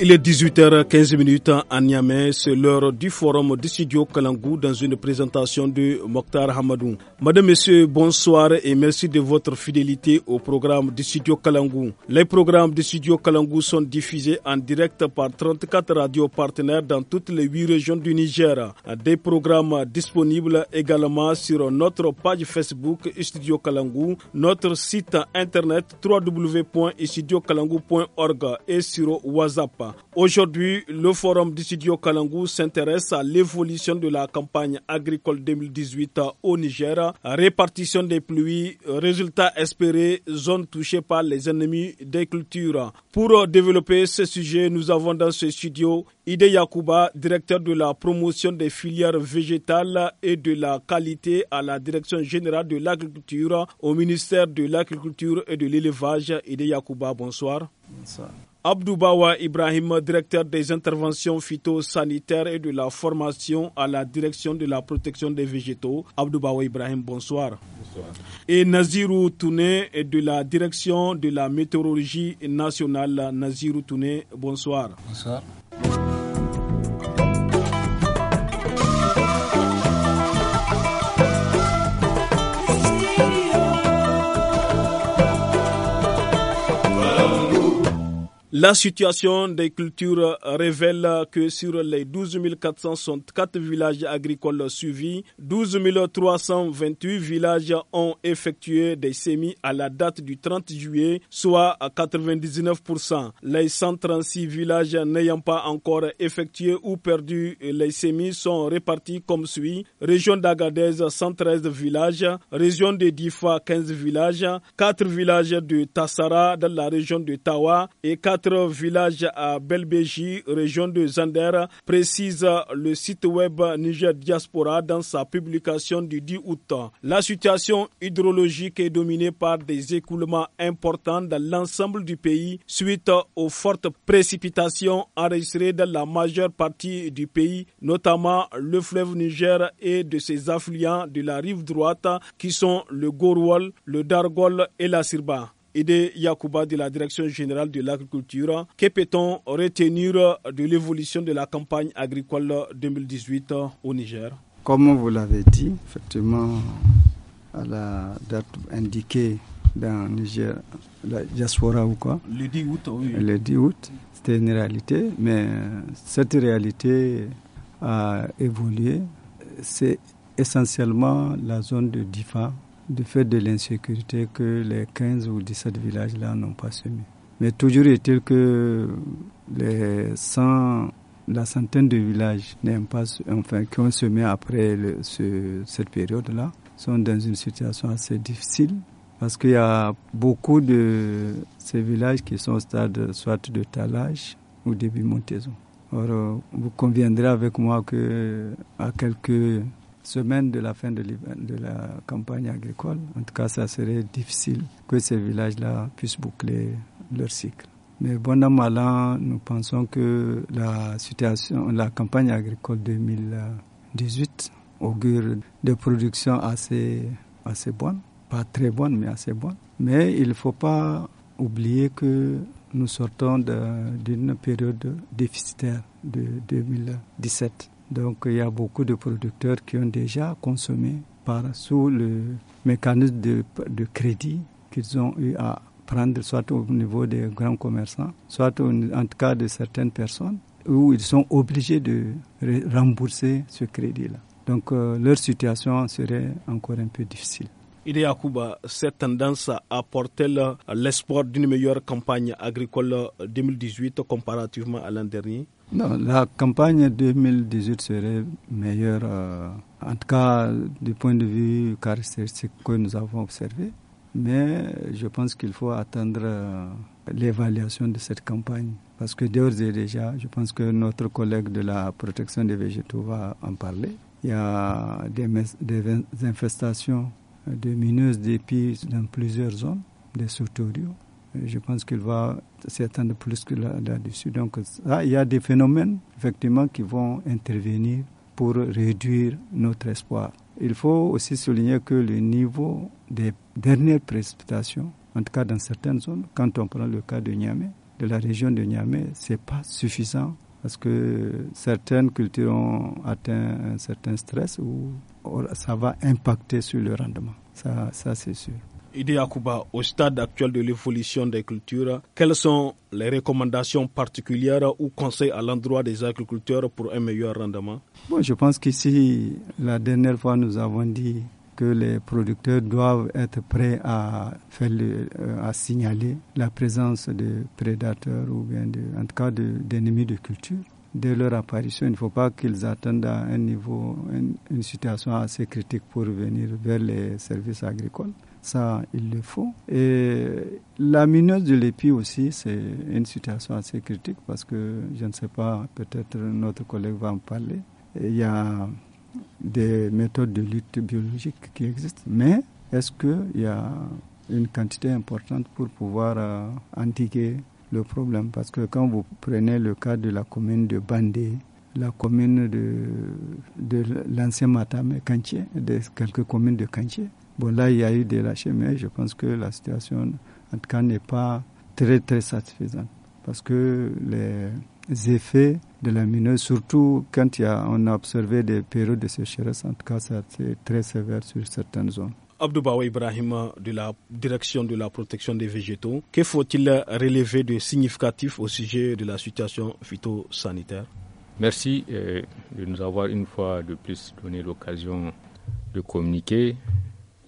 Il est 18h15 à Niamey, c'est l'heure du forum du studio Kalangou dans une présentation de Mokhtar Hamadou. Madame, Messieurs, bonsoir et merci de votre fidélité au programme du studio Kalangou. Les programmes du studio Kalangou sont diffusés en direct par 34 radios partenaires dans toutes les 8 régions du Niger. Des programmes disponibles également sur notre page Facebook Studio Kalangou, notre site internet www.studiokalangou.org et sur WhatsApp. Aujourd'hui, le forum du studio Kalangou s'intéresse à l'évolution de la campagne agricole 2018 au Niger, répartition des pluies, résultats espérés, zones touchées par les ennemis des cultures. Pour développer ce sujet, nous avons dans ce studio Ide Yakuba, directeur de la promotion des filières végétales et de la qualité à la direction générale de l'agriculture au ministère de l'agriculture et de l'élevage. Ide Yakuba, bonsoir. Bonsoir. Abdoubawa Ibrahim, directeur des interventions phytosanitaires et de la formation à la direction de la protection des végétaux. Abdoubawa Ibrahim, bonsoir. Bonsoir. Et Nazirou Touné de la direction de la météorologie nationale. Nazirou Touné, bonsoir. Bonsoir. La situation des cultures révèle que sur les 12 464 villages agricoles suivis, 12 328 villages ont effectué des semis à la date du 30 juillet, soit à 99%. Les 136 villages n'ayant pas encore effectué ou perdu les semis sont répartis comme suit. Région d'Agadez, 113 villages. Région de Difa, 15 villages. 4 villages de Tassara dans la région de Tawa et 4 village à Belbéji, région de Zander, précise le site web Niger Diaspora dans sa publication du 10 août. La situation hydrologique est dominée par des écoulements importants dans l'ensemble du pays suite aux fortes précipitations enregistrées dans la majeure partie du pays, notamment le fleuve Niger et de ses affluents de la rive droite qui sont le Gorwol, le Dargol et la Sirba. Ide Yakuba de la Direction générale de l'agriculture. Que peut-on retenir de l'évolution de la campagne agricole 2018 au Niger Comme vous l'avez dit, effectivement, à la date indiquée dans Niger, la diaspora ou quoi Le 10 août, oui. Le 10 août, c'était une réalité, mais cette réalité a évolué. C'est essentiellement la zone de Difa du fait de l'insécurité que les 15 ou 17 villages-là n'ont pas semé. Mais toujours est-il que les 100, la centaine de villages pas, enfin, qui ont semé après ce, cette période-là sont dans une situation assez difficile parce qu'il y a beaucoup de ces villages qui sont au stade soit de talage ou début montaison. Alors, euh, vous conviendrez avec moi que à quelques semaine de la fin de, de la campagne agricole. En tout cas, ça serait difficile que ces villages-là puissent boucler leur cycle. Mais bon an, nous pensons que la situation, la campagne agricole 2018 augure des productions assez, assez bonnes. Pas très bonnes, mais assez bonnes. Mais il ne faut pas oublier que nous sortons d'une période déficitaire de 2017. Donc il y a beaucoup de producteurs qui ont déjà consommé par sous le mécanisme de, crédit qu'ils ont eu à prendre, soit au niveau des grands commerçants, soit en tout cas de certaines personnes, où ils sont obligés de rembourser ce crédit-là. Donc euh, leur situation serait encore un peu difficile. a cette tendance a porté l'espoir d'une meilleure campagne agricole 2018 comparativement à l'an dernier non, la campagne 2018 serait meilleure, euh, en tout cas du point de vue caractéristique que nous avons observé. Mais je pense qu'il faut attendre euh, l'évaluation de cette campagne. Parce que d'ores et déjà, je pense que notre collègue de la protection des végétaux va en parler. Il y a des, infestations euh, de mineuses d'épices dans plusieurs zones, des sauteriaux je pense qu'il va s'étendre plus que là-dessus. Donc, il y a des phénomènes, effectivement, qui vont intervenir pour réduire notre espoir. Il faut aussi souligner que le niveau des dernières précipitations, en tout cas dans certaines zones, quand on prend le cas de Niamey, de la région de Niamey, ce n'est pas suffisant parce que certaines cultures ont atteint un certain stress ou ça va impacter sur le rendement. Ça, ça c'est sûr. Idi au stade actuel de l'évolution des cultures, quelles sont les recommandations particulières ou conseils à l'endroit des agriculteurs pour un meilleur rendement Je pense qu'ici, la dernière fois, nous avons dit que les producteurs doivent être prêts à, euh, signaler la présence de prédateurs ou bien en tout cas d'ennemis de, culture dès leur apparition. Il ne faut pas qu'ils attendent à un niveau, une, situation assez critique pour venir vers les services agricoles ça, il le faut. Et la mineuse de l'épi aussi, c'est une situation assez critique parce que, je ne sais pas, peut-être notre collègue va en parler. Il y a des méthodes de lutte biologique qui existent, mais est-ce qu'il y a une quantité importante pour pouvoir euh, le problème Parce que quand vous prenez le cas de la commune de Bandé, la commune de, de l'ancien Matame, Cantier, de quelques communes de Cantier, Bon, là, il y a eu des lâchers, mais je pense que la situation, en tout cas, n'est pas très, très satisfaisante. Parce que les effets de la mineuse, surtout quand il on a observé des périodes de sécheresse, en tout cas, c'est très sévère sur certaines zones. Abdoubawa Ibrahim de la direction de la protection des végétaux, que faut-il relever de significatif au sujet de la situation phytosanitaire Merci euh, de nous avoir une fois de plus donné l'occasion de communiquer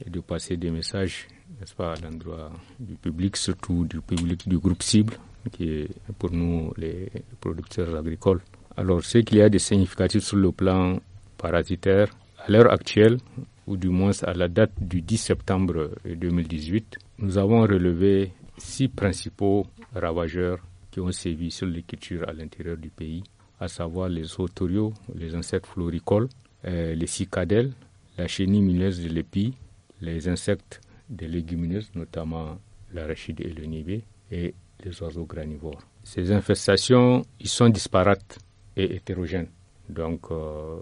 et de passer des messages, n'est-ce pas, à l'endroit du public, surtout du public du groupe cible, qui est pour nous les producteurs agricoles. Alors, ce qu'il y a de significatif sur le plan parasitaire, à l'heure actuelle, ou du moins à la date du 10 septembre 2018, nous avons relevé six principaux ravageurs qui ont sévi sur les cultures à l'intérieur du pays, à savoir les otoriaux, les insectes floricoles, euh, les cicadelles, la chenille mineuse de l'épi, les insectes des légumineuses, notamment l'arachide et le nibé, et les oiseaux granivores. Ces infestations, ils sont disparates et hétérogènes. Donc, euh,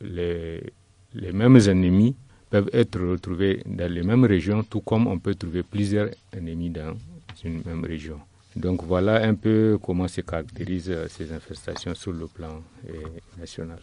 les, mêmes ennemis peuvent être retrouvés dans les mêmes régions, tout comme on peut trouver plusieurs ennemis dans une même région. Donc voilà un peu comment se caractérisent ces infestations sur le plan eh, national.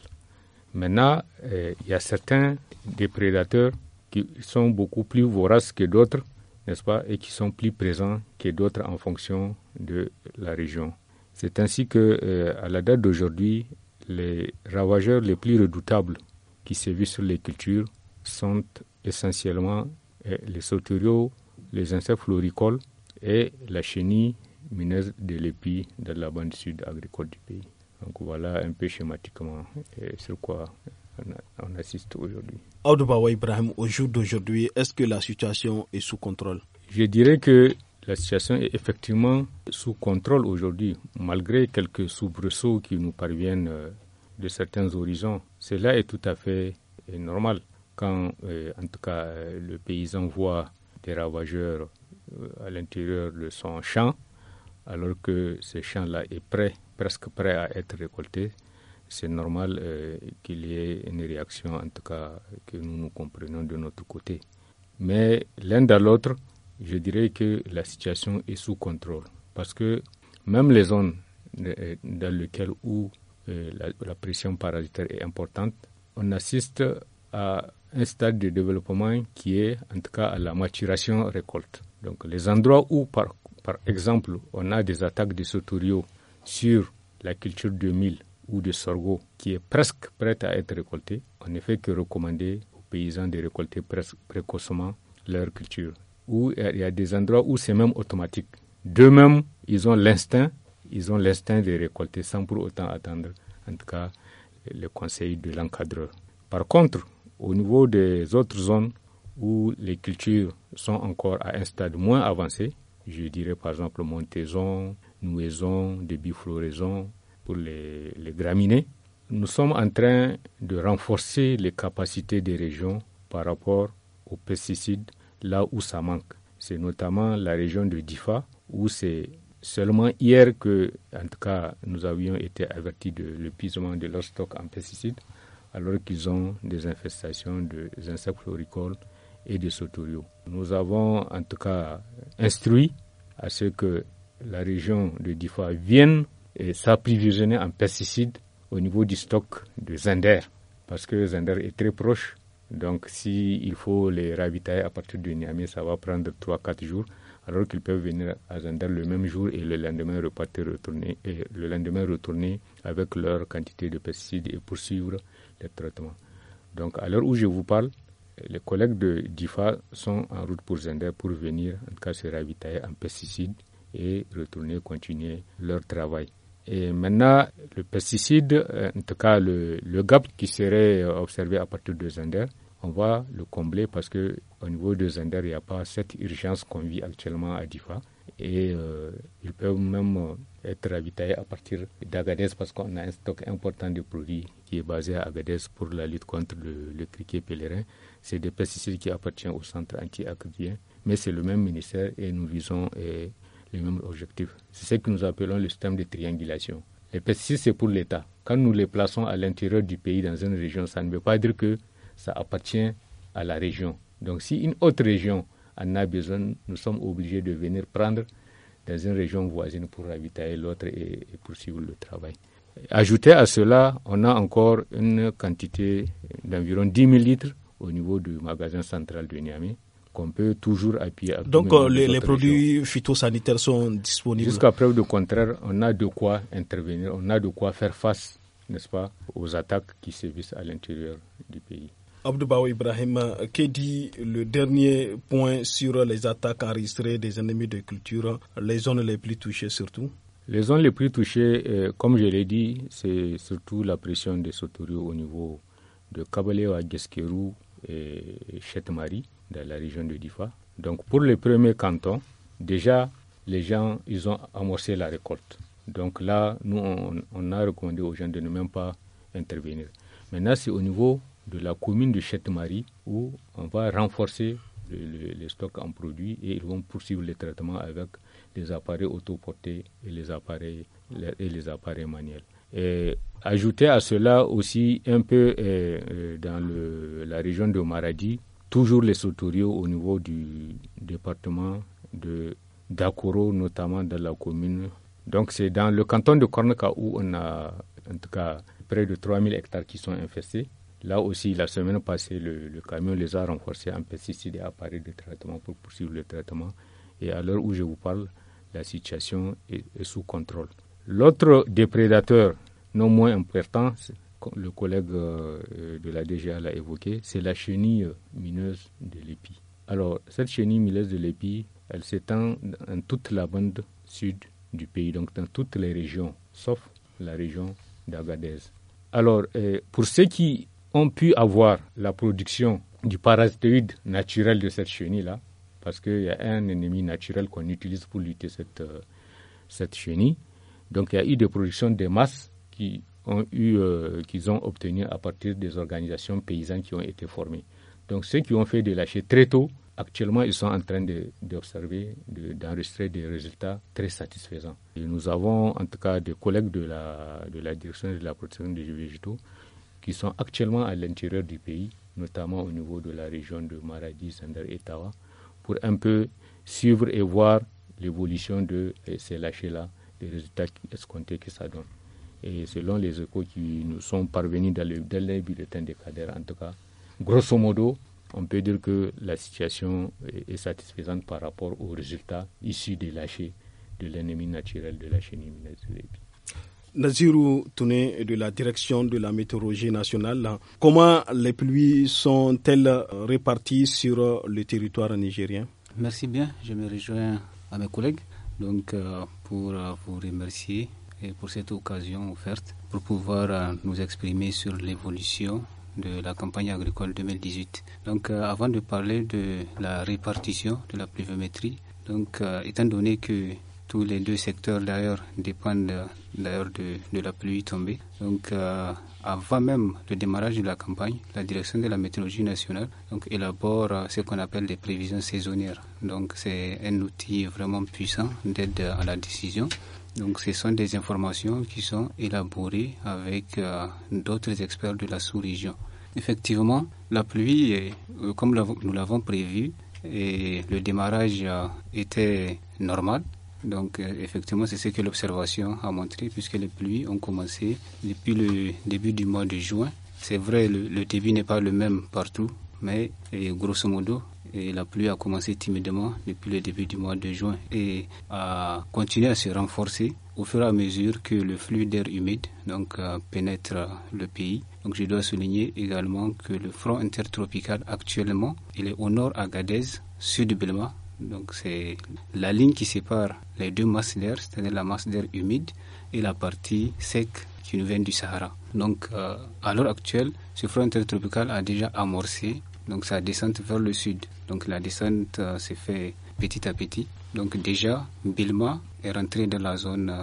Maintenant, eh, il y a certains des prédateurs qui sont beaucoup plus voraces que d'autres, n'est-ce pas, et qui sont plus présents que d'autres en fonction de la région. C'est ainsi que, euh, à la date d'aujourd'hui, les ravageurs les plus redoutables qui sévissent sur les cultures sont essentiellement euh, les sauteriaux, les insectes floricoles et la chenille mineuse de l'épi dans la bande sud agricole du pays. Donc voilà un peu schématiquement euh, sur quoi on, assiste aujourd'hui. Bawa Ibrahim, au jour d'aujourd'hui, est-ce que la situation est sous contrôle Je dirais que la situation est effectivement sous contrôle aujourd'hui, malgré quelques soubresauts qui nous parviennent euh, de certains horizons. Cela est tout à fait euh, normal quand, euh, en tout cas, le paysan voit des ravageurs à l'intérieur de son champ, alors que ce champ-là est presque prêt à être récolté c'est normal euh, qu'il y ait une réaction, en tout cas que nous nous comprenions de notre côté. Mais l'un dans l'autre, je dirais que la situation est sous contrôle. Parce que même les zones euh, dans lesquelles où euh, la, pression parasitaire est importante, on assiste à un stade de développement qui est en tout cas à la maturation récolte. Donc les endroits où par, par exemple on a des attaques de sauteriaux sur la culture de mille ou de sorgho qui est presque prête à être récoltée, on ne fait que recommander aux paysans de récolter presque précocement leur culture. Ou il y a des endroits où c'est même automatique. D'eux-mêmes, ils ont l'instinct, ils ont l'instinct de récolter sans pour autant attendre, en tout cas, le conseil de l'encadreur. Par contre, au niveau des autres zones où les cultures sont encore à un stade moins avancé, je dirais par exemple montaison, nouaison, début floraison, pour les, graminées. Nous sommes en train de renforcer les capacités des régions par rapport aux pesticides là où ça manque. C'est notamment la région de Difa où c'est seulement hier que, en tout cas, nous avions été avertis de l'épuisement de leur stock en pesticides alors qu'ils ont des infestations des insectes floricoles et des sauteriaux. Nous avons en tout cas instruit à ce que la région de Difa vienne et s'approvisionner en pesticides au niveau du stock de Zender, parce que Zender est très proche. Donc, s'il faut les ravitailler à partir de Niamey, ça va prendre 3-4 jours, alors qu'ils peuvent venir à Zender le même jour et le lendemain repartir retourner, et le lendemain retourner avec leur quantité de pesticides et poursuivre les traitements. Donc, à l'heure où je vous parle, les collègues de DIFA sont en route pour Zender pour venir, en tout cas, se ravitailler en pesticides et retourner continuer leur travail. Et maintenant, le pesticide, euh, en tout cas le, gap qui serait euh, observé à partir de Zender, on va le combler parce qu'au niveau de Zender, il n'y a pas cette urgence qu'on vit actuellement à Difa. Et euh, ils peuvent même être ravitaillés à partir d'Agadez parce qu'on a un stock important de produits qui est basé à Agadez pour la lutte contre le, criquet pèlerin. C'est des pesticides qui appartiennent au centre anti-acridien, mais c'est le même ministère et nous visons et les mêmes C'est ce que nous appelons le système de triangulation. Les pesticides, c'est pour l'État. Quand nous les plaçons à l'intérieur du pays, dans une région, ça ne veut pas dire que ça appartient à la région. Donc si une autre région en a besoin, nous sommes obligés de venir prendre dans une région voisine pour ravitailler l'autre et, et, poursuivre le travail. Ajouté à cela, on a encore une quantité d'environ 10 000 litres au niveau du magasin central de Niamey qu'on peut toujours appuyer. Donc les, euh, produits phytosanitaires sont disponibles Jusqu'à preuve du contraire, on a de quoi intervenir, on a de quoi faire face, n'est-ce pas, aux attaques qui se visent à l'intérieur du pays. Abdoubaou Ibrahim, que dit le dernier point sur les attaques enregistrées des ennemis de culture, les zones les plus touchées surtout Les zones les plus touchées, euh, comme je l'ai dit, c'est surtout la pression des Sotorio au niveau de Kabalewa, Geskeru et Chetmari dans la région de Difa. Donc pour les premiers cantons, déjà les gens, ils ont amorcé la récolte. Donc là, nous, on, a recommandé aux gens de ne même pas intervenir. Maintenant, c'est au niveau de la commune de Chette-Marie où on va renforcer les stocks en produits et ils vont poursuivre les traitements avec les appareils autoportés et les appareils, et les appareils manuels. Et ajouter à cela aussi un peu euh, euh, dans la région de Maradi, toujours les sauturiers au niveau du département de Dakoro, notamment dans la commune. Donc c'est dans le canton de Korneka où on a en tout cas près de 3000 hectares qui sont infestés. Là aussi, la semaine passée, le, camion les a renforcés en pesticides et appareils de traitement pour poursuivre le traitement. Et à l'heure où je vous parle, la situation est, est sous contrôle. L'autre déprédateur non moins important, le collègue euh, de la DGA l'a évoqué, c'est la chenille mineuse de l'épi. Alors, cette chenille mineuse de l'épi, elle s'étend dans toute la bande sud du pays, donc dans toutes les régions, sauf la région d'Agadez. Alors, euh, pour ceux qui ont pu avoir la production du parasitoïde naturel de cette chenille-là, parce qu'il y a un ennemi naturel qu'on utilise pour lutter cette, euh, cette chenille, donc il y a eu des productions de masse qui ont eu, euh, qu'ils ont obtenu à partir des organisations paysannes qui ont été formées. Donc ceux qui ont fait des lâchers très tôt, actuellement, ils sont en train d'observer, de, d'enregistrer des résultats très satisfaisants. nous avons en tout cas des collègues de la, de la direction de la protection des végétaux qui sont actuellement à l'intérieur du pays, notamment au niveau de la région de Maradi, Sender et Tawa, pour un peu suivre et voir l'évolution de euh, ces lâchers-là, les résultats escomptés que ça donne. Et selon les échos qui nous sont parvenus dans, le, bulletin de Kader, en tout cas, grosso modo, on peut dire que la situation est, satisfaisante par rapport aux résultats issus des lâchers de l'ennemi naturel de la chenille Nazirou Touné de la direction de la météorologie nationale, comment les pluies sont-elles réparties sur le territoire nigérien Merci bien, je me rejoins à mes collègues donc, euh, pour euh, vous remercier et pour cette occasion offerte pour pouvoir euh, nous exprimer sur l'évolution de la campagne agricole 2018. Donc euh, avant de parler de la répartition de la pluviométrie, donc euh, étant donné que tous les deux secteurs d'ailleurs dépendent d'ailleurs de, la pluie tombée. Donc avant même le démarrage de la campagne, la direction de la météorologie nationale donc, élabore ce qu'on appelle des prévisions saisonnières. Donc c'est un outil vraiment puissant d'aide à la décision donc ce sont des informations qui sont élaborées avec euh, d'autres experts de la sous-région. Effectivement, la pluie, est, euh, comme nous l'avons prévu, et le démarrage euh, était normal. Donc effectivement, c'est ce que l'observation a montré puisque les pluies ont commencé depuis le début du mois de juin. C'est vrai, le, le débit n'est pas le même partout mais grosso modo, et la pluie a commencé timidement depuis le début du mois de juin et a continué à se renforcer au fur et à mesure que le flux d'air humide donc, euh, pénètre le pays. Donc, je dois souligner également que le front intertropical actuellement, il est au nord à Gadez, sud de Belma. Donc, c'est la ligne qui sépare les deux masses d'air, c'est-à-dire la masse d'air humide et la partie sec qui nous vient du Sahara. Donc, euh, à l'heure actuelle, ce front intertropical a déjà amorcé donc sa descente vers le sud. Donc la descente euh, s'est faite petit à petit. Donc déjà, Bilma est rentrée dans la zone euh,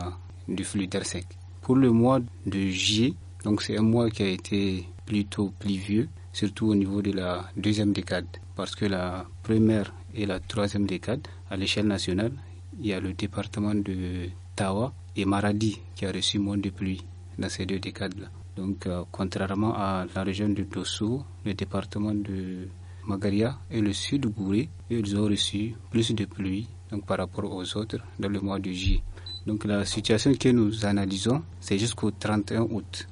du flux d'air sec. Pour le mois de juillet, donc c'est un mois qui a été plutôt pluvieux, surtout au niveau de la deuxième décade, parce que la première et la troisième décade, à l'échelle nationale, il y a le département de Tawa et Maradi qui a reçu moins de pluie dans ces deux décades-là. Donc, euh, contrairement à la région du Dosso, le département de Magaria et le sud de Gouré, ils ont reçu plus de pluie par rapport aux autres dans le mois de juillet. Donc, la situation que nous analysons, c'est jusqu'au 31 août.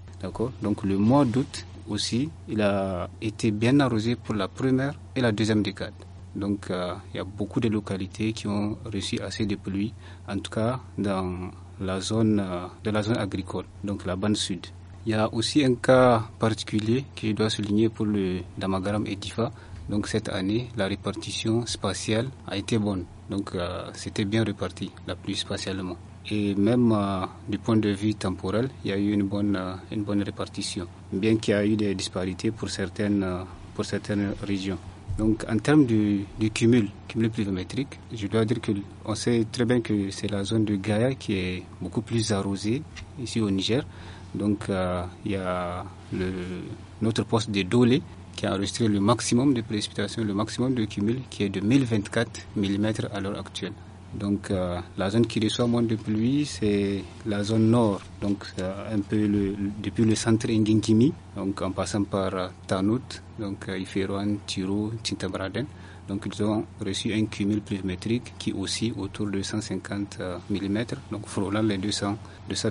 Donc, le mois d'août aussi, il a été bien arrosé pour la première et la deuxième décade. Donc, euh, il y a beaucoup de localités qui ont reçu assez de pluie, en tout cas dans la zone, euh, la zone agricole, donc la bande sud. Il y a aussi un cas particulier que je dois souligner pour le Damagaram et Difa. Donc cette année, la répartition spatiale a été bonne. Donc euh, c'était bien réparti, la plus spatialement. Et même euh, du point de vue temporel, il y a eu euh, une bonne, répartition, bien qu'il y a eu des disparités pour certaines, pour certaines régions. Donc en termes du, du cumul, cumul pluviométrique, je dois dire qu'on sait très bien que c'est la zone de Gaïa qui est beaucoup plus arrosée ici au Niger. Donc euh, il y a notre poste de Dolé qui a enregistré le maximum de précipitations, le maximum de cumul qui est de 1024 mm à l'heure actuelle. Donc euh, la zone qui reçoit moins de pluie, c'est la zone nord, donc euh, un peu depuis le centre Nguinkimi, donc en passant par Tanout, donc Iferouane, Tiro, Tintabraden. Donc ils ont reçu un cumul métrique qui aussi autour de 150 euh, mm, donc frôlant les 200, 200,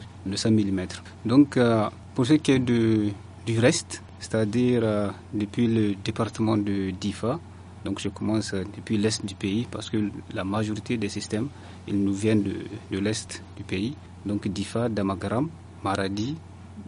mm. Donc euh, pour ce qui est du reste, c'est-à-dire euh, depuis le département de Difa, donc je commence depuis l'est du pays parce que la majorité des systèmes, ils nous viennent de, l'est du pays. Donc Difa, Damagaram, Maradi,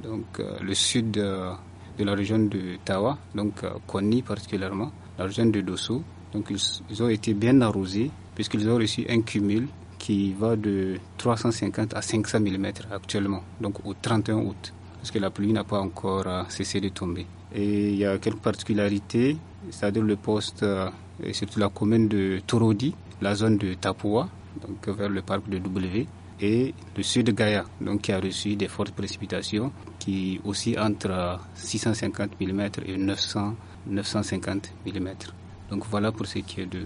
donc le sud de la région de Tawa, donc Koni particulièrement, la région de Dosso, donc ils, ont été bien arrosés puisqu'ils ont reçu un cumul qui va de 350 à 500 mm actuellement, donc au 31 août, puisque la pluie n'a pas encore euh, cessé de tomber. Et il y a quelques particularités, c'est-à-dire le poste, euh, et surtout la commune de Torodi, la zone de Tapua, donc vers le parc de W, et le sud de Gaïa, donc qui a reçu des fortes précipitations, qui aussi entre 650 euh, mm et 900, 950 mm. Donc voilà pour ce qui est de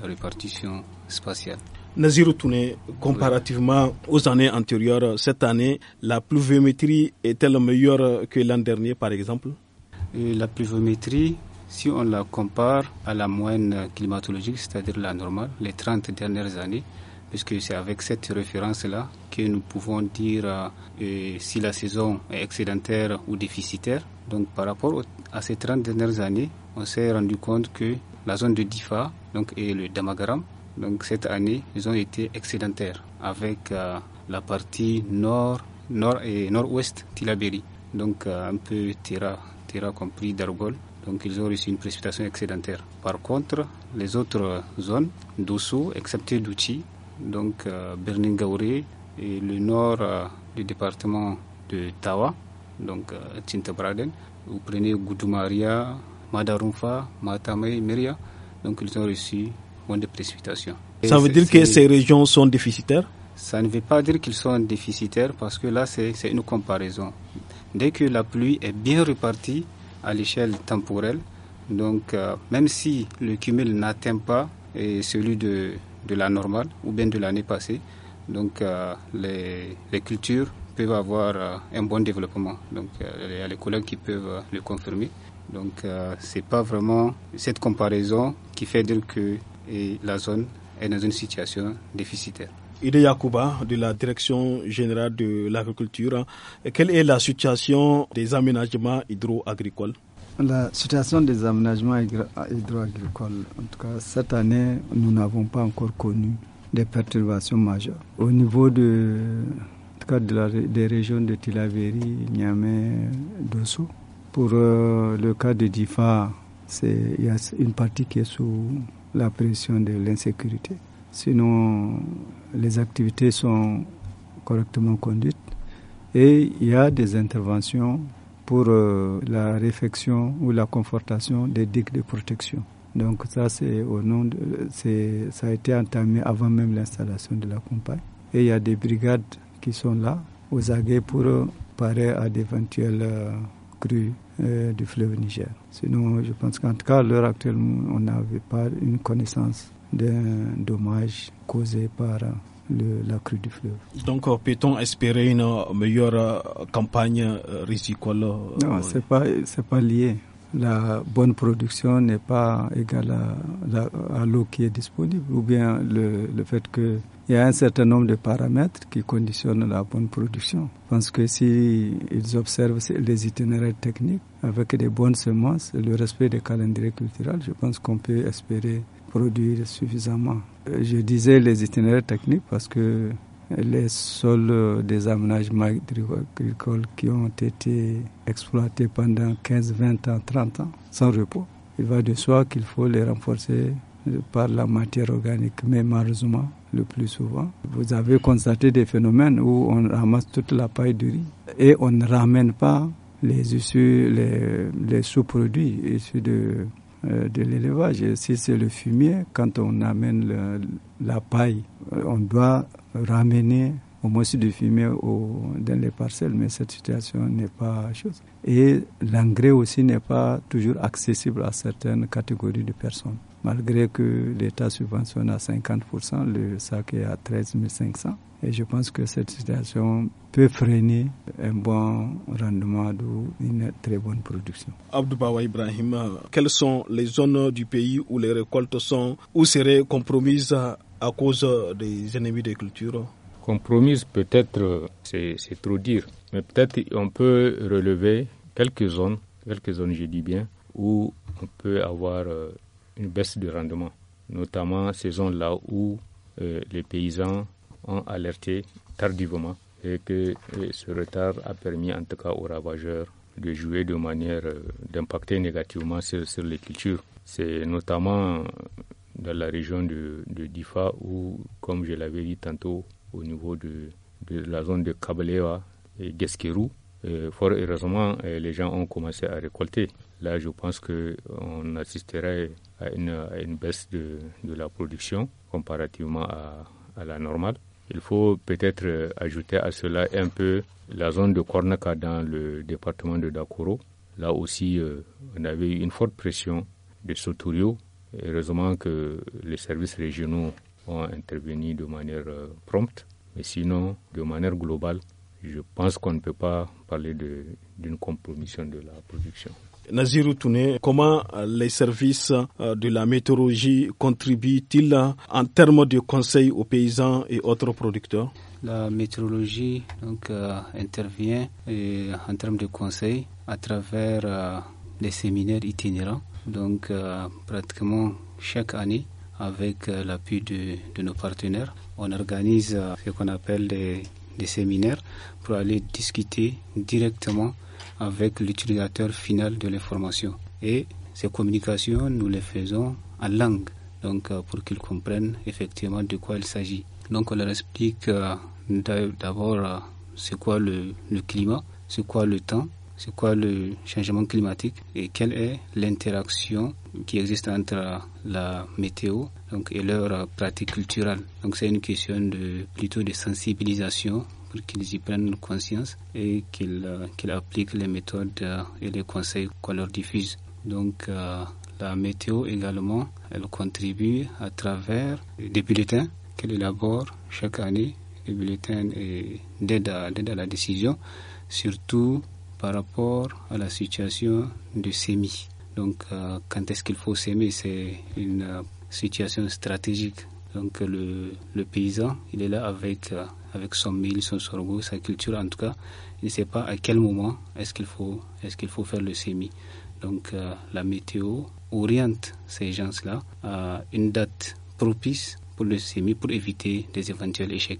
la répartition spatiale. Nazir Touné, comparativement aux années antérieures, cette année, la pluviométrie est-elle meilleure que l'an dernier, par exemple euh, La pluviométrie, si on la compare à la moyenne climatologique, c'est-à-dire la normale, les 30 dernières années, puisque c'est avec cette référence-là que nous pouvons dire euh, si la saison est excédentaire ou déficitaire. Donc par rapport à ces 30 dernières années, on s'est rendu compte que la zone de Difa donc, et le Damagaram. Donc cette année, ils ont été excédentaires avec euh, la partie nord, nord et nord-ouest Tilaberi, donc euh, un peu Terra, Terra compris d'Argol. Donc ils ont reçu une précipitation excédentaire. Par contre, les autres zones, Dosso, excepté Douchi, donc euh, et le nord euh, du département de Tawa, donc Tintabraden, vous prenez Gudumaria... Madarumfa, Matamei, Myria. Donc ils ont reçu moins de précipitations. Ça veut dire que ces régions sont déficitaires Ça ne veut pas dire qu'ils sont déficitaires parce que là, c'est une comparaison. Dès que la pluie est bien répartie à l'échelle temporelle, donc euh, même si le cumul n'atteint pas euh, celui de, de, la normale ou bien de l'année passée, donc euh, les, les, cultures peuvent avoir un bon développement. Donc il y a les collègues qui peuvent le confirmer. Donc ce euh, c'est pas vraiment cette comparaison qui fait dire que la zone est dans une situation déficitaire. Ide Yakuba, de la Direction générale de l'agriculture, quelle est la situation des aménagements hydro-agricoles La situation des aménagements hydro-agricoles, en tout cas cette année, nous n'avons pas encore connu des perturbations majeures. Au niveau de, en tout de la, des régions de Tilaveri, Niamey, Dosso, pour euh, le cas de DIFA, il y a une partie qui est sous la pression de l'insécurité. Sinon, les activités sont correctement conduites et il y a des interventions pour euh, la réfection ou la confortation des digues de protection. Donc ça, c'est au nom de, ça a été entamé avant même l'installation de la campagne. Et il y a des brigades qui sont là aux aguets pour euh, parer à d'éventuelles crues euh, du fleuve Niger. Sinon, je pense qu'en tout cas, à l'heure actuelle, on n'avait pas une connaissance d'un dommage causé par euh, la crue du fleuve. Donc, euh, peut-on espérer une meilleure campagne risicole Non, ce n'est c'est pas lié la bonne production n'est pas égale à, l'eau qui est disponible, ou bien le, le fait qu'il y a un certain nombre de paramètres qui conditionnent la bonne production. Je pense que si ils observent les itinéraires techniques avec des bonnes semences, et le respect des calendriers culturels, je pense qu'on peut espérer produire suffisamment. Euh, je disais les itinéraires techniques parce que les sols euh, des aménagements agricoles qui ont été exploités pendant 15, 20 ans, 30 ans, sans repos. Il va de soi qu'il faut les renforcer euh, par la matière organique, mais malheureusement, le plus souvent, vous avez constaté des phénomènes où on ramasse toute la paille de riz et on ne ramène pas les issues, les, les sous-produits issus de, euh, de l'élevage. Si c'est le fumier, quand on amène la paille, euh, on doit ramener au moins du fumier dans les parcelles, mais cette situation n'est pas chose. Et l'engrais aussi n'est pas toujours accessible à certaines catégories de personnes. Malgré que l'État subventionne à 50%, le sac est à 13 500. Et je pense que cette situation peut freiner un bon rendement ou une très bonne production. Abdoubawa Ibrahim, quelles sont les zones du pays où les récoltes sont ou seraient compromises à cause des ennemis des cultures Compromises peut-être, c'est trop dire, mais peut-être on peut relever quelques zones, quelques zones je dis bien, où on peut avoir euh, une baisse de rendement, notamment ces zones-là où euh, les paysans ont alerté tardivement et que euh, ce retard a permis en tout cas aux ravageurs de jouer de manière euh, d'impacter négativement sur, les cultures. C'est notamment dans la région de, Difa où, comme je l'avais dit tantôt, au niveau de, de la zone de Kabalewa et Geskerou, euh, fort heureusement, euh, les gens ont commencé à récolter. Là, je pense qu'on assisterait à une, baisse de, la production comparativement à, la normale. Il faut peut-être euh, ajouter à cela un peu la zone de Kornaka dans le département de Dakoro. Là aussi, on avait eu une forte pression de Soturio. Heureusement que les services régionaux ont intervenu de manière prompte. Mais sinon, de manière globale, je pense qu'on ne peut pas parler d'une compromission de la production. Nazir Touné, comment euh, les services euh, de la météorologie contribuent-ils euh, en termes de conseils aux paysans et autres producteurs La météorologie intervient en termes de conseils à travers des les séminaires itinérants, donc pratiquement chaque année avec l'appui de, de, nos partenaires. On organise ce qu'on appelle des des séminaires pour aller discuter directement avec l'utilisateur final de l'information. Et ces communications, nous les faisons en langue, donc euh, pour qu'ils comprennent effectivement de quoi il s'agit. Donc on leur explique euh, d'abord euh, c'est quoi le, le climat, c'est quoi le temps, c'est quoi le changement climatique et quelle est l'interaction qui existe entre la météo donc, et leur pratique culturelle. Donc c'est une question de, plutôt de sensibilisation pour qu'ils y prennent conscience et qu'ils euh, qu appliquent les méthodes euh, et les conseils qu'on leur diffuse. Donc euh, la météo également, elle contribue à travers des bulletins qu'elle élabore chaque année, des bulletins d'aide à, à la décision, surtout par rapport à la situation de semis. Donc, euh, quand est-ce qu'il faut semer, C'est une euh, situation stratégique. Donc, euh, le, paysan, il est là avec, avec son mil, son sorgho, sa culture en tout cas. Il ne sait pas à quel moment est-ce qu'il faut, est qu'il faut faire le semis. Donc, la météo oriente ces gens-là à une date propice pour le semis pour éviter des éventuels échecs.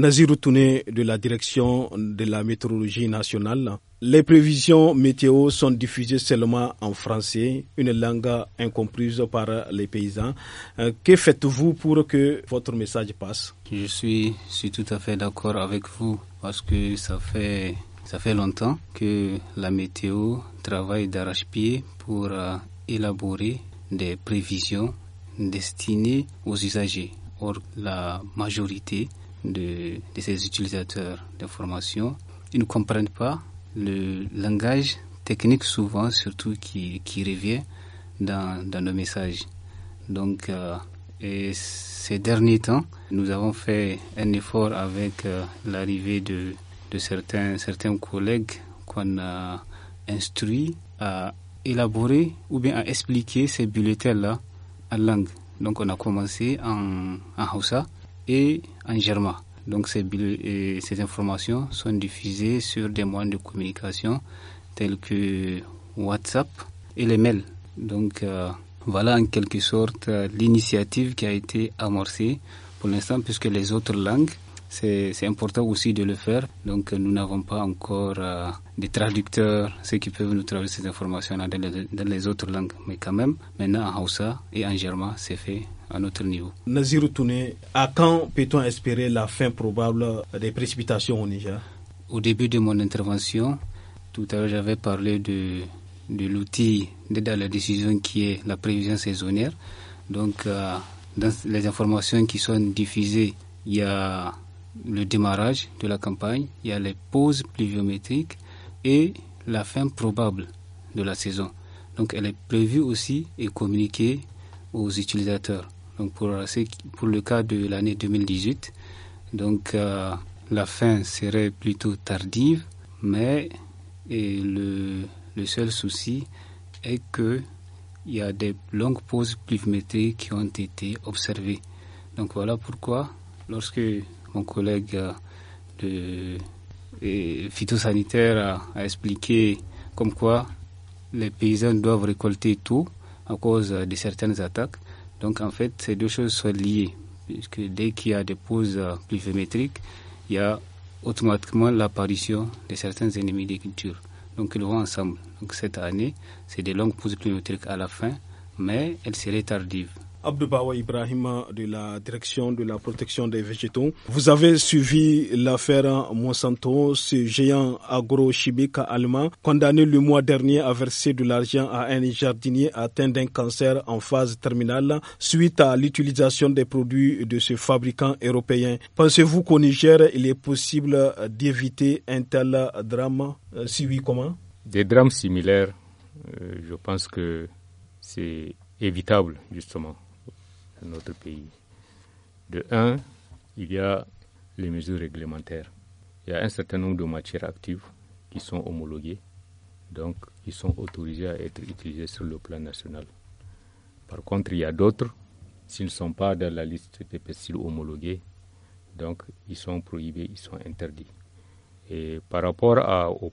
Nazir retourné de la direction de la météorologie nationale. Les prévisions météo sont diffusées seulement en français, une langue incomprise par les paysans. Euh, que faites-vous pour que votre message passe Je suis, tout à fait d'accord avec vous parce que ça fait, ça fait longtemps que la météo travaille d'arrache-pied pour euh, élaborer des prévisions destinées aux usagers. Or, la majorité de, ces utilisateurs d'information. Ils ne comprennent pas le langage technique souvent, surtout qui, qui revient dans, dans nos messages. Donc, euh, ces derniers temps, nous avons fait un effort avec euh, l'arrivée de, de certains, certains collègues qu'on a instruits à élaborer ou bien à expliquer ces bulletins-là en langue. Donc on a commencé en, en Hausa et en germain. Donc ces, ces informations sont diffusées sur des moyens de communication tels que WhatsApp et les mails. Donc euh, voilà en quelque sorte euh, l'initiative qui a été amorcée pour l'instant puisque les autres langues, c'est important aussi de le faire. Donc nous n'avons pas encore euh, des traducteurs, ceux qui peuvent nous traduire ces informations dans les, autres langues. Mais quand même, maintenant en haussa et en Germain, c'est fait à notre niveau. Nazir à quand peut-on espérer la fin probable des précipitations au Niger Au début de mon intervention, tout à l'heure j'avais parlé de, l'outil d'aide la décision qui est la prévision saisonnière. Donc euh, dans les informations qui sont diffusées, il y a le démarrage de la campagne, il y a les pauses pluviométriques et la fin probable de la saison. Donc elle est prévue aussi et communiquée aux utilisateurs pour, le cas de l'année 2018, donc euh, la fin serait plutôt tardive, mais le, seul souci est que il y a des longues pauses pluviométriques qui ont été observées. Donc voilà pourquoi, lorsque mon collègue euh, de, phytosanitaire a, expliqué comme quoi les paysans doivent récolter tout à cause euh, de certaines attaques, donc en fait, ces deux choses sont liées, puisque dès qu'il y a des pauses euh, pluviométriques, il y a automatiquement l'apparition de certains ennemis des cultures. Donc ils vont ensemble. Donc cette année, c'est des longues pauses pluviométriques à la fin, mais elles seraient tardives. Bawa Ibrahim de la direction de la protection des végétaux. Vous avez suivi l'affaire Monsanto, ce géant agrochimique allemand condamné le mois dernier à verser de l'argent à un jardinier atteint d'un cancer en phase terminale suite à l'utilisation des produits de ce fabricant européen. Pensez-vous qu'au Niger, il est possible d'éviter un tel drame euh, Si oui, comment Des drames similaires, euh, je pense que c'est évitable justement notre pays. De un, il y a les mesures réglementaires. Il y a un certain nombre de matières actives qui sont homologuées, donc qui sont autorisées à être utilisées sur le plan national. Par contre, il y a d'autres, s'ils ne sont pas dans la liste des pesticides homologués, donc ils sont prohibés, ils sont interdits. Et par rapport à, au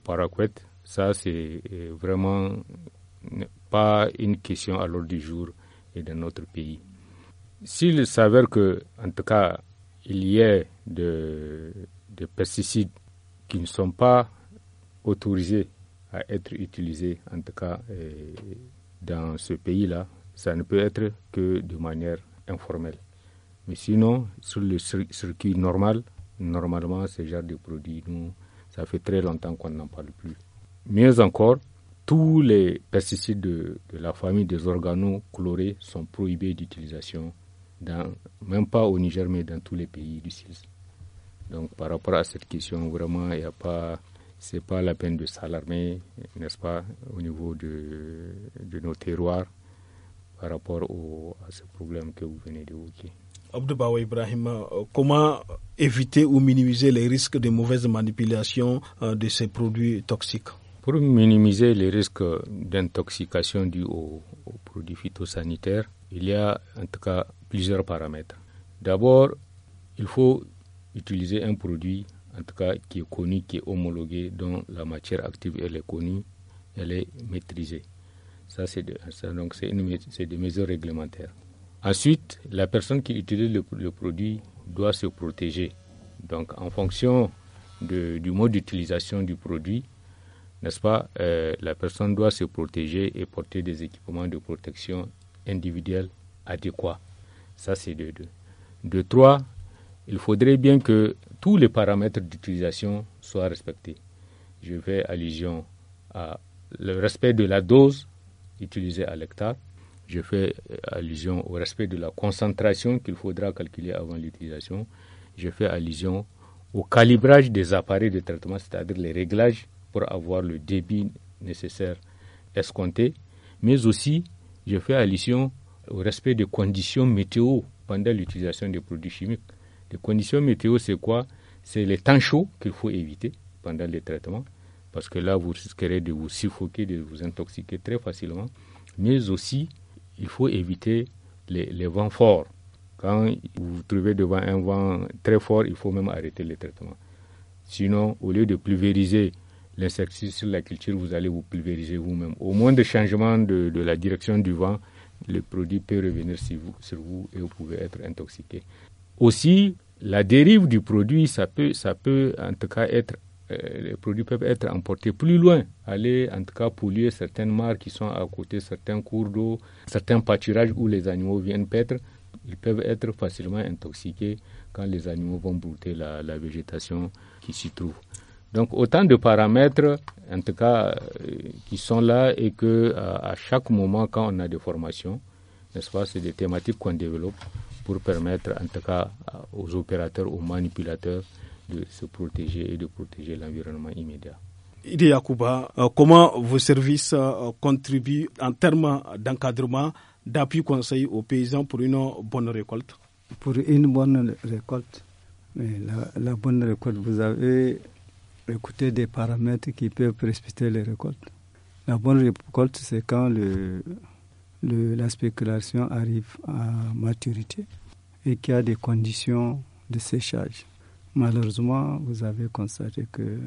ça c'est euh, vraiment pas une question à l'ordre du jour et dans notre pays s'il s'avère que, tout cas, il y ait des pesticides qui ne sont pas autorisés à être utilisés, en tout cas euh, dans ce pays-là, ça ne peut être que de manière informelle. Mais sinon, sur le circuit normal, normalement, ce genre de produits, nous, ça fait très longtemps qu'on n'en parle plus. Mieux encore, tous les pesticides de, la famille des chlorés sont prohibés d'utilisation dans, même pas au Niger, mais dans tous les pays du CILS. Donc par rapport à cette question, vraiment, il n'y a pas, c'est pas la peine de s'alarmer, n'est-ce pas, au niveau de, de, nos terroirs par rapport à ce problème que vous venez d'évoquer. Abdoubawa Ibrahim, euh, comment éviter ou minimiser les risques de mauvaise manipulation euh, de ces produits toxiques Pour minimiser les risques d'intoxication dus aux produits phytosanitaires, il y a en tout cas plusieurs paramètres. D'abord, il faut utiliser un produit, en tout cas qui est connu, qui est homologué, dont la matière active elle est connue, elle est maîtrisée. Ça, c'est donc des mesures réglementaires. Ensuite, la personne qui utilise le, produit doit se protéger. Donc, en fonction du mode d'utilisation du produit, n'est-ce pas, euh, la personne doit se protéger et porter des équipements de protection individuelle adéquats. Ça, c'est de deux. De trois, il faudrait bien que tous les paramètres d'utilisation soient respectés. Je fais allusion à le respect de la dose utilisée à l'hectare. Je fais euh, allusion au respect de la concentration qu'il faudra calculer avant l'utilisation. Je fais allusion au calibrage des appareils de traitement, c'est-à-dire les réglages pour avoir le débit nécessaire escompté. Mais aussi, je fais allusion au respect des conditions météo pendant l'utilisation des produits chimiques. Les conditions météo, c'est quoi C'est les temps chauds qu'il faut éviter pendant les traitements, parce que là, vous risquerez de vous suffoquer, de vous intoxiquer très facilement. Mais aussi, il faut éviter les, vents forts. Quand vous vous trouvez devant un vent très fort, il faut même arrêter les traitements. Sinon, au lieu de pulvériser l'insecticide sur la culture, vous allez vous pulvériser vous-même. Au moins de changement de la direction du vent, le produit peut revenir sur vous, sur vous et vous pouvez être intoxiqué. Aussi, la dérive du produit, ça peut, ça peut en tout cas être, euh, les produits peuvent être emportés plus loin, aller en tout cas polluer certaines mares qui sont à côté, certains cours d'eau, certains pâturages où les animaux viennent paître. Ils peuvent être facilement intoxiqués quand les animaux vont brouter la végétation qui s'y trouve. Donc autant de paramètres, en tout cas, euh, qui sont là et que euh, à, chaque moment, quand on a des formations, n'est-ce pas, c'est des thématiques qu'on développe pour permettre, en tout cas, aux opérateurs, aux manipulateurs de se protéger et de protéger l'environnement immédiat. Idéa Kouba, euh, comment vos services contribuent en termes d'encadrement, d'appui conseil aux paysans pour une bonne récolte Pour une bonne récolte, la bonne récolte, vous avez écouter des paramètres qui peuvent précipiter les récoltes. La bonne récolte, c'est quand la spéculation arrive à maturité et qu'il y a des conditions de séchage. Malheureusement, vous avez constaté qu'il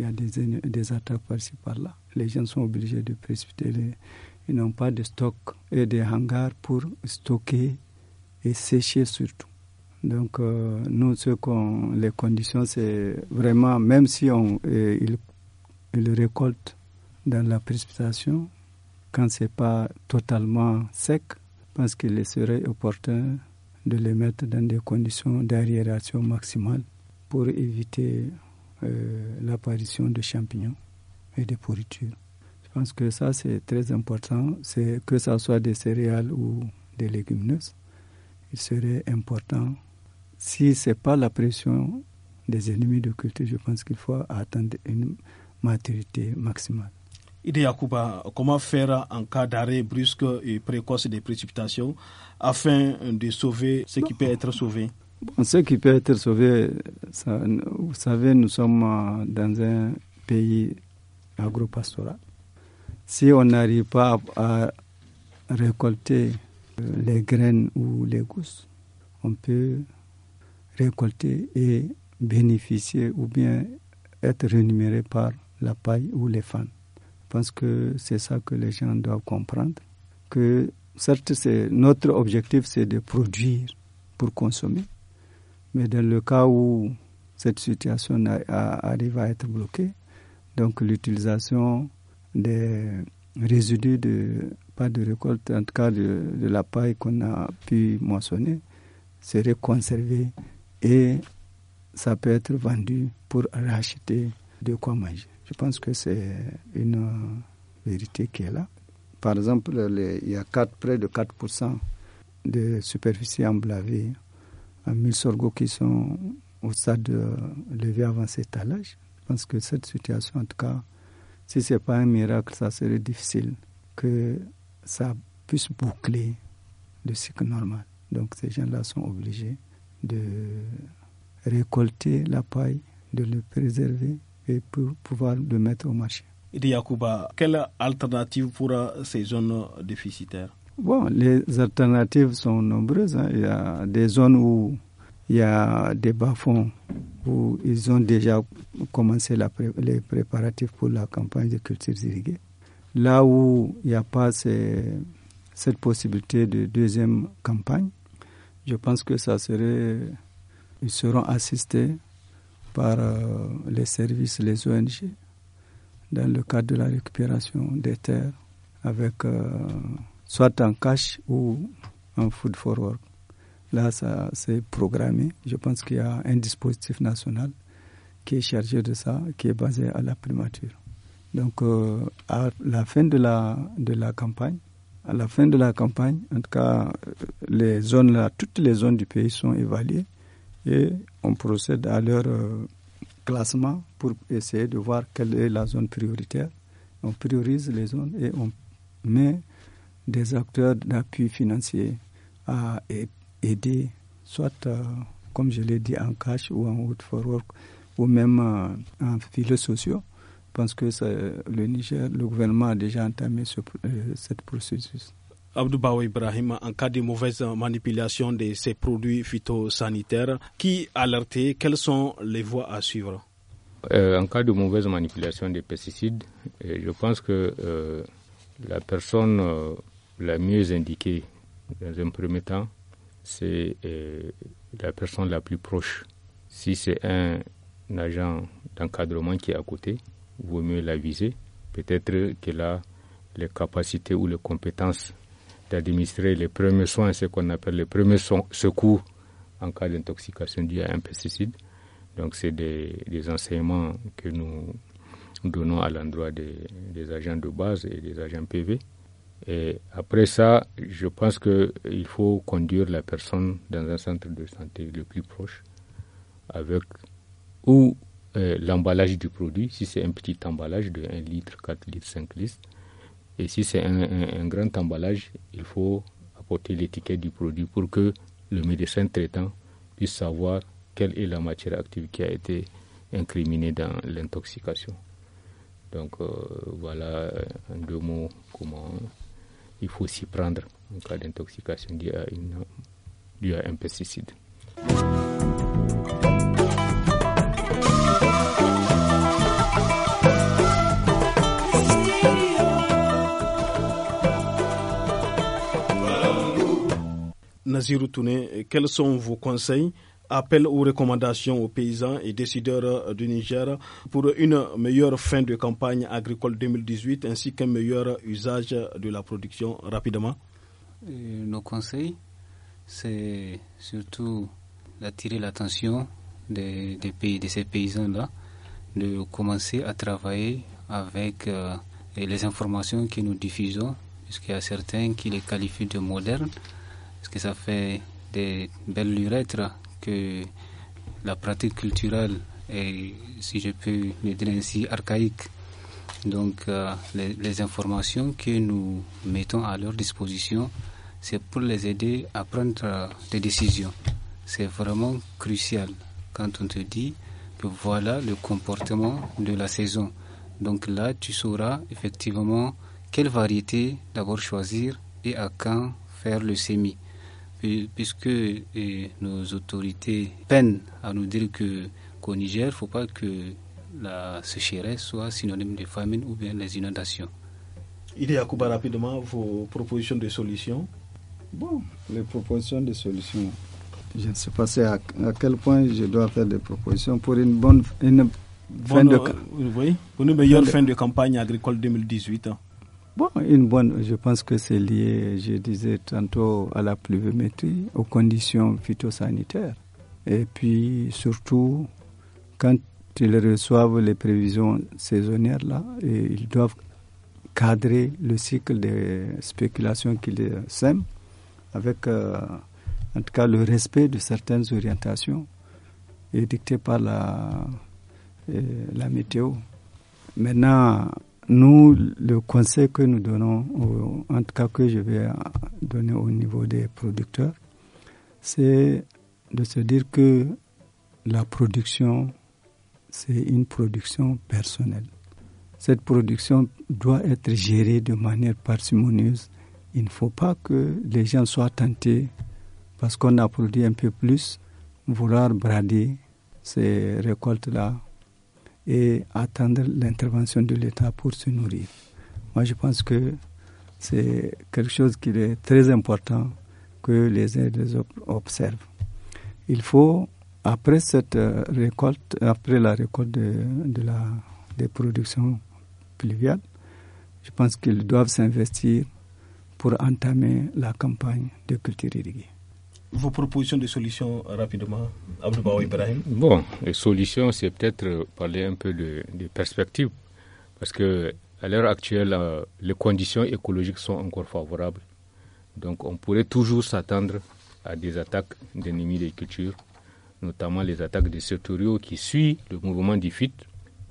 y a des, des attaques par-ci par-là. Les gens sont obligés de précipiter. Les, ils n'ont pas de stock et des hangars pour stocker et sécher surtout. Donc, euh, nous, ce qu'on, les conditions, c'est vraiment, même si on, il, récolte dans la précipitation, quand ce n'est pas totalement sec, je pense qu'il serait opportun de les mettre dans des conditions d'arriération maximale pour éviter euh, l'apparition de champignons et de pourritures. Je pense que ça, c'est très important, c'est que ce soit des céréales ou des légumineuses, il serait important si ce n'est pas la pression des ennemis de culture, je pense qu'il faut attendre une maturité maximale. Ide Yakuba, comment faire en cas d'arrêt brusque et précoce des précipitations afin de sauver ce qui peut être sauvé Ce qui peut être sauvé, vous savez, nous sommes dans un pays agro-pastoral. Si on n'arrive pas à, à récolter euh, les graines ou les gousses, on peut récolter et bénéficier ou bien être rémunéré par la paille ou les fans. Je pense que c'est ça que les gens doivent comprendre, que certes notre objectif c'est de produire pour consommer, mais dans le cas où cette situation arrive à être bloquée, donc l'utilisation des résidus de pas de récolte, en tout cas de, de la paille qu'on a pu moissonner, serait conservée et ça peut être vendu pour racheter de quoi manger. Je pense que c'est une vérité qui est là. Par exemple, il y a près de 4% de superficie emblavée à 1000 sorgho qui sont au stade de levée avant cet âge. Je pense que cette situation, en tout cas, si ce n'est pas un miracle, ça serait difficile que ça puisse boucler le cycle normal. Donc ces gens-là sont obligés de récolter la paille, de le préserver et pour pouvoir le mettre au marché. Et Yacouba, quelle alternative pour ces zones déficitaires Bon, les alternatives sont nombreuses. Hein. Il y a des zones où il y a des bas-fonds où ils ont déjà commencé les préparatifs pour la campagne de cultures irriguées. Là où il n'y a pas cette possibilité de deuxième campagne, je pense que ça serait. Ils seront assistés par euh, les services, les ONG, dans le cadre de la récupération des terres, avec euh, soit en cash ou en food for work. Là, ça c'est programmé. Je pense qu'il y a un dispositif national qui est chargé de ça, qui est basé à la primature. Donc, euh, à la fin de la, de la campagne, à la fin de la campagne, en tout cas, les zones là, toutes les zones du pays sont évaluées et on procède à leur euh, classement pour essayer de voir quelle est la zone prioritaire. On priorise les zones et on met des acteurs d'appui financier à aider, soit euh, comme je l'ai dit en cash ou en out for work ou même euh, en filets sociaux pense que le Niger, le gouvernement a déjà entamé ce, euh, cette processus. Abdoubaou Ibrahim, en cas de mauvaise manipulation de ces produits phytosanitaires, qui alerter Quelles sont les voies à suivre euh, En cas de mauvaise manipulation des pesticides, euh, je pense que la personne la mieux indiquée, dans un premier temps, c'est la personne la plus proche. Si c'est un agent d'encadrement qui est à côté, vaut mieux la viser. Peut-être qu'elle a les capacités ou les compétences d'administrer les premiers soins, ce qu'on appelle les premiers secours en cas d'intoxication due à un pesticide. Donc c'est des, enseignements que nous donnons à l'endroit des, des, agents de base et des agents PV. Et après ça, je pense qu'il faut conduire la personne dans un centre de santé le plus proche avec ou euh, l'emballage du produit, si c'est un petit emballage de 1 litre, 4 litres, 5 litres. Et si c'est un, grand emballage, il faut apporter l'étiquette du produit pour que le médecin traitant puisse savoir quelle est la matière active qui a été incriminée dans l'intoxication. Donc euh, voilà euh, en deux mots comment il faut s'y prendre en cas d'intoxication due, due à, un pesticide. Nazirou Touné, quels sont vos conseils, appels ou recommandations aux paysans et décideurs euh, du Niger pour une meilleure fin de campagne agricole 2018 ainsi qu'un meilleur usage de la production rapidement euh, Nos conseils, c'est surtout d'attirer l'attention des, de ces paysans-là, de commencer à travailler avec euh, les informations que nous diffusons, puisqu'il y a certains qui les qualifient de modernes parce que ça fait des belles lurettes que la pratique culturelle est, si je peux le dire ainsi, archaïque. Donc euh, les, informations que nous mettons à leur disposition, c'est pour les aider à prendre euh, des décisions. C'est vraiment crucial quand on te dit que voilà le comportement de la saison. Donc là, tu sauras effectivement quelle variété d'abord choisir et à quand faire le semis puisque nos autorités peinent à nous dire que qu'au Niger, il ne faut pas que la sécheresse soit synonyme de famine ou bien les inondations. Il y a rapidement vos propositions de solutions. Bon, les propositions de solutions. Je ne sais pas à, quel point je dois faire des propositions pour une bonne, une euh, une meilleure fin de, campagne agricole 2018. Bon, une bonne, je pense que c'est lié, je disais tantôt, à la pluviométrie, aux conditions phytosanitaires. Et puis surtout, quand ils reçoivent les prévisions saisonnières, là, et ils doivent cadrer le cycle des spéculations qu'ils sèment avec, euh, en tout cas, le respect de certaines orientations édictées par la, euh, la météo. Maintenant, nous, le conseil que nous donnons, en tout cas que je vais donner au niveau des producteurs, c'est de se dire que la production, c'est une production personnelle. Cette production doit être gérée de manière parcimonieuse. Il ne faut pas que les gens soient tentés parce qu'on a produit un peu plus, vouloir brader ces récoltes-là et attendre l'intervention de l'État pour se nourrir. Moi, je pense que c'est quelque chose qui est très important que les uns et les autres observent. Il faut, après cette euh, récolte, après la récolte de, la, des productions pluviales, je pense qu'ils doivent s'investir pour entamer la campagne de culture irriguée vos propositions de solutions rapidement, Abdou Ibrahim Bon, les solutions, c'est peut-être parler un peu de, de perspective, parce que à l'heure actuelle, euh, les conditions écologiques sont encore favorables. Donc on pourrait toujours s'attendre à des attaques d'ennemis des cultures, notamment les attaques des sauteriaux qui suivent le mouvement des fit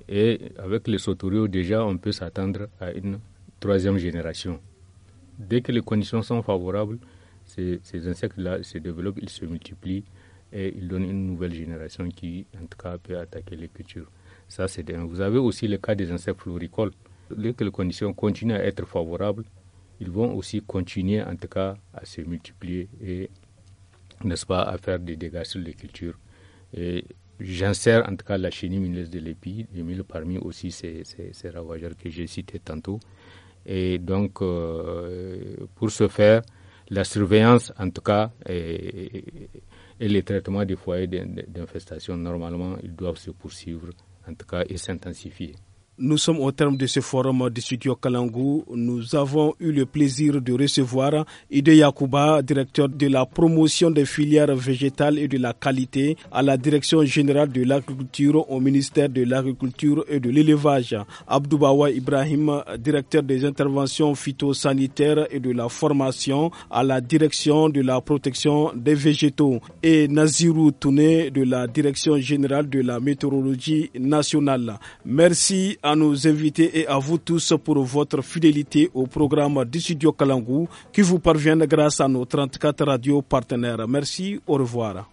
Et avec les sauteriaux, déjà, on peut s'attendre à une troisième génération. Dès que les conditions sont favorables, ces, insectes-là se développent, ils se multiplient et ils donnent une nouvelle génération qui, en tout cas, peut attaquer les cultures. Ça, c'est Vous avez aussi le cas des insectes floricoles. Dès que les conditions continuent à être favorables, ils vont aussi continuer, en tout cas, à se multiplier et, n'est-ce pas, à faire des dégâts sur les cultures. Et j'insère, en tout cas, la chenille mineuse de l'épi, parmi aussi ces, ces, ravageurs que j'ai cités tantôt. Et donc, euh, pour ce faire, la surveillance, en tout cas, et, les traitements des foyers d'infestation, normalement, ils doivent se poursuivre, en tout cas, et s'intensifier. Nous sommes au terme de ce forum du studio Kalangou. Nous avons eu le plaisir de recevoir Ide Yakuba, directeur de la promotion des filières végétales et de la qualité à la direction générale de l'agriculture au ministère de l'agriculture et de l'élevage. Abdoubawa Ibrahim, directeur des interventions phytosanitaires et de la formation à la direction de la protection des végétaux. Et Nazirou Touné de la direction générale de la météorologie nationale. Merci à nos invités et à vous tous pour votre fidélité au programme du studio Kalangou qui vous parvient grâce à nos 34 radios partenaires. Merci, au revoir.